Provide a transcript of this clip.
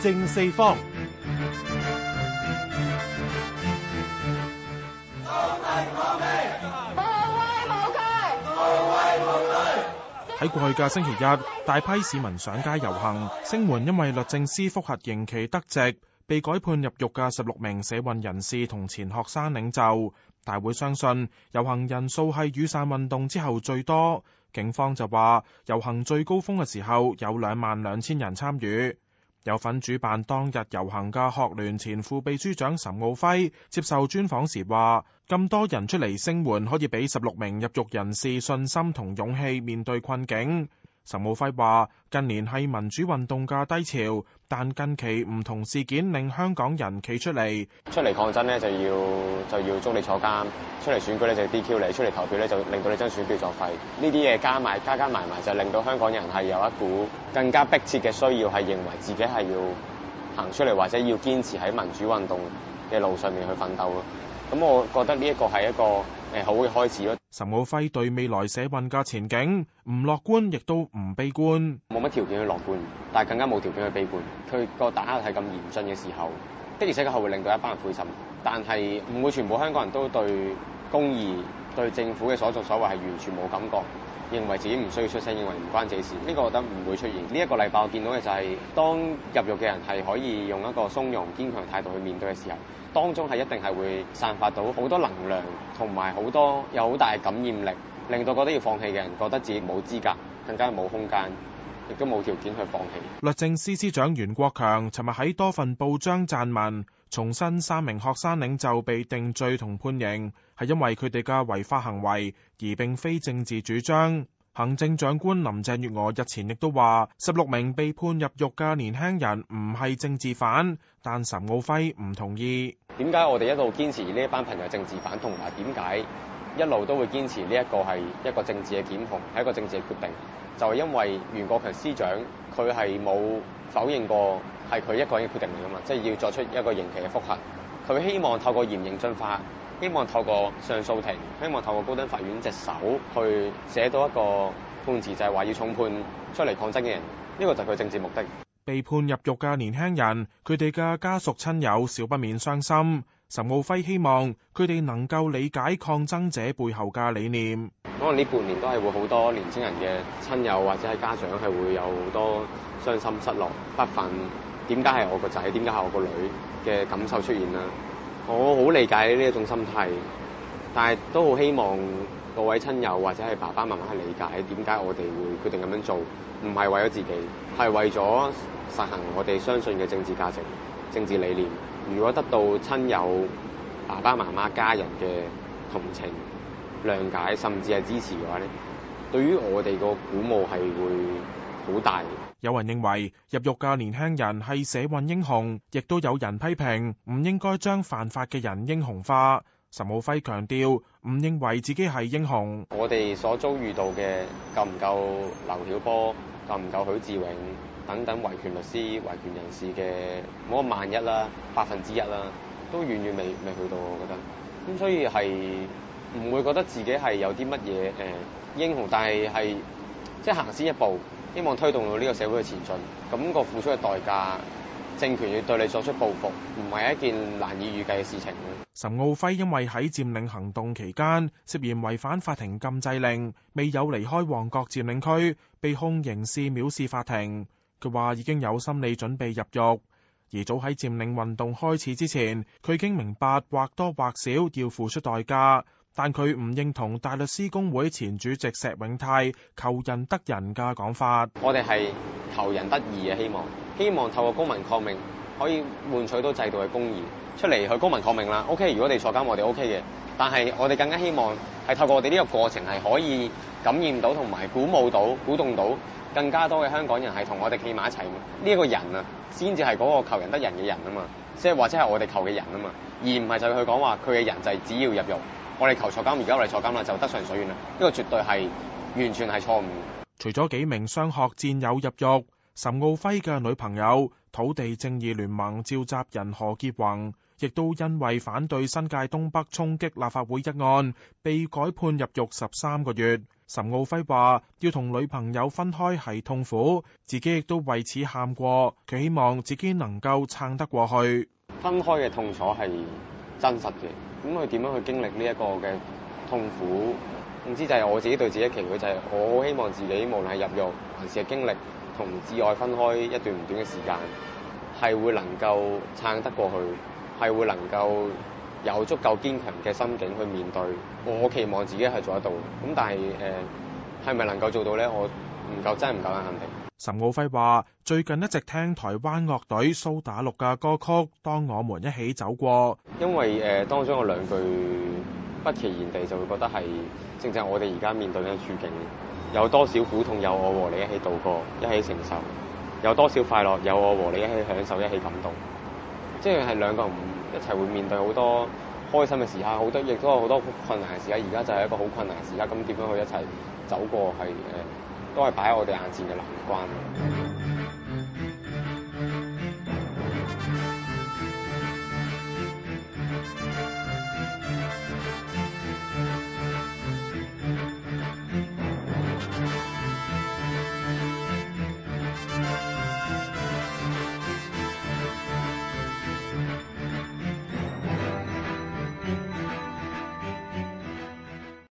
正四方，喺過去嘅星期日，大批市民上街遊行，聲援因為律政司覆核刑期得直被改判入獄嘅十六名社運人士同前學生領袖。大會相信遊行人數係雨傘運動之後最多。警方就話遊行最高峰嘅時候有兩萬兩千人參與。有份主辦當日游行嘅學聯前副秘書長岑敖暉接受專訪時話，咁多人出嚟聲援，可以俾十六名入獄人士信心同勇氣面對困境。岑敖暉話：近年係民主運動嘅低潮，但近期唔同事件令香港人企出嚟，出嚟抗爭咧就要就要捉你坐監，出嚟選舉咧就 DQ 你，出嚟投票咧就令到你將選票作廢，呢啲嘢加埋加加埋埋就令到香港人係有一股更加迫切嘅需要，係認為自己係要行出嚟或者要堅持喺民主運動嘅路上面去奮鬥咯。咁我覺得呢一個係一個誒好嘅開始咯。岑敖暉對未來社運嘅前景唔樂觀，亦都唔悲觀。冇乜條件去樂觀，但係更加冇條件去悲觀。佢個打壓係咁嚴峻嘅時候，的而且確係會令到一班人灰心。但係唔會全部香港人都對公義、對政府嘅所作所為係完全冇感覺。認為自己唔需要出聲，認為唔關自己事，呢個我覺得唔會出現。呢一個禮拜我見到嘅就係，當入獄嘅人係可以用一個從容堅強態度去面對嘅時候，當中係一定係會散發到好多能量，同埋好多有好大感染力，令到覺得要放棄嘅人覺得自己冇資格，更加冇空間。亦都冇條件去放棄。律政司司長袁國強尋日喺多份報章撰文，重申三名學生領袖被定罪同判刑係因為佢哋嘅違法行為，而並非政治主張。行政長官林鄭月娥日前亦都話，十六名被判入獄嘅年輕人唔係政治犯，但岑敖暉唔同意。點解我哋一路堅持呢一班朋友政治犯，同埋點解？一路都會堅持呢一個係一個政治嘅檢控，係一個政治嘅決定，就係因為袁國強司長，佢係冇否認過係佢一個人嘅決定嚟噶嘛，即係要作出一個刑期嘅覆核，佢希望透過嚴刑峻法，希望透過上訴庭，希望透過高等法院隻手去寫到一個判詞，就係話要重判出嚟抗爭嘅人，呢個就係佢政治目的。被判入獄嘅年輕人，佢哋嘅家屬親友少不免傷心。岑敖暉希望佢哋能夠理解抗爭者背後嘅理念。可能呢半年都係會好多年輕人嘅親友或者係家長係會有好多傷心、失落不、不忿。點解係我個仔？點解係我個女嘅感受出現啦？我好理解呢一種心態，但係都好希望各位親友或者係爸爸媽媽理解點解我哋會決定咁樣做，唔係為咗自己，係為咗實行我哋相信嘅政治價值、政治理念。如果得到親友、爸爸媽媽、家人嘅同情、諒解，甚至係支持嘅話咧，對於我哋個鼓舞係會好大。有人認為入獄嘅年輕人係社運英雄，亦都有人批評唔應該將犯法嘅人英雄化。岑敖暉強調唔認為自己係英雄，我哋所遭遇到嘅夠唔夠劉曉波、夠唔夠許志永等等維權律師、維權人士嘅嗰萬一啦、百分之一啦，都遠遠未未去到，我覺得，咁所以係唔會覺得自己係有啲乜嘢誒英雄，但係係即係行先一步，希望推動到呢個社會嘅前進，咁個付出嘅代價。政權要對你作出報復，唔係一件難以預計嘅事情。岑敖暉因為喺佔領行動期間涉嫌違反法庭禁制令，未有離開旺角佔領區，被控刑事藐視法庭。佢話已經有心理準備入獄，而早喺佔領運動開始之前，佢已經明白或多或少要付出代價。但佢唔認同大律師公會前主席石永泰求仁得仁嘅講法。我哋係。求仁得義嘅希望，希望透過公民抗命可以換取到制度嘅公義出嚟去公民抗命啦。OK，如果你坐監我哋 OK 嘅，但係我哋更加希望係透過我哋呢個過程係可以感染到同埋鼓舞到鼓動到更加多嘅香港人係同我哋企埋一齊。呢一個人啊，先至係嗰個求仁得仁嘅人啊嘛，即係或者係我哋求嘅人啊嘛，而唔係就去講話佢嘅人就係只要入獄，我哋求坐監，而家我哋坐監啦，就得償所願啦。呢個絕對係完全係錯誤。除咗幾名雙學戰友入獄，岑敖暉嘅女朋友土地正義聯盟召集人何潔泓，亦都因為反對新界東北衝擊立法會一案，被改判入獄十三個月。岑敖暉話：要同女朋友分開係痛苦，自己亦都為此喊過。佢希望自己能夠撐得過去。分開嘅痛楚係真實嘅。咁佢點樣去經歷呢一個嘅痛苦？總之、嗯、就係、是、我自己對自己嘅期望就係、是，我好希望自己無論係入獄還是嘅經歷同摯愛分開一段唔短嘅時間，係會能夠撐得過去，係會能夠有足夠堅強嘅心境去面對。我期望自己係做得到，咁但係誒，係、呃、咪能夠做到咧？我唔夠真係唔夠膽肯定。岑敖暉話：最近一直聽台灣樂隊蘇打綠嘅歌曲《當我們一起走過》，因為誒、呃、當中嘅兩句。不其然地就會覺得係，正正我哋而家面對嘅處境，有多少苦痛有我和你一起度過，一起承受；有多少快樂有我和你一起享受，一起感到動。即係係兩個人一齊會面對好多開心嘅時刻，好多亦都有好多困難嘅時刻。而家就係一個好困難嘅時刻，咁點樣去一齊走過係誒，都係擺喺我哋眼前嘅難關。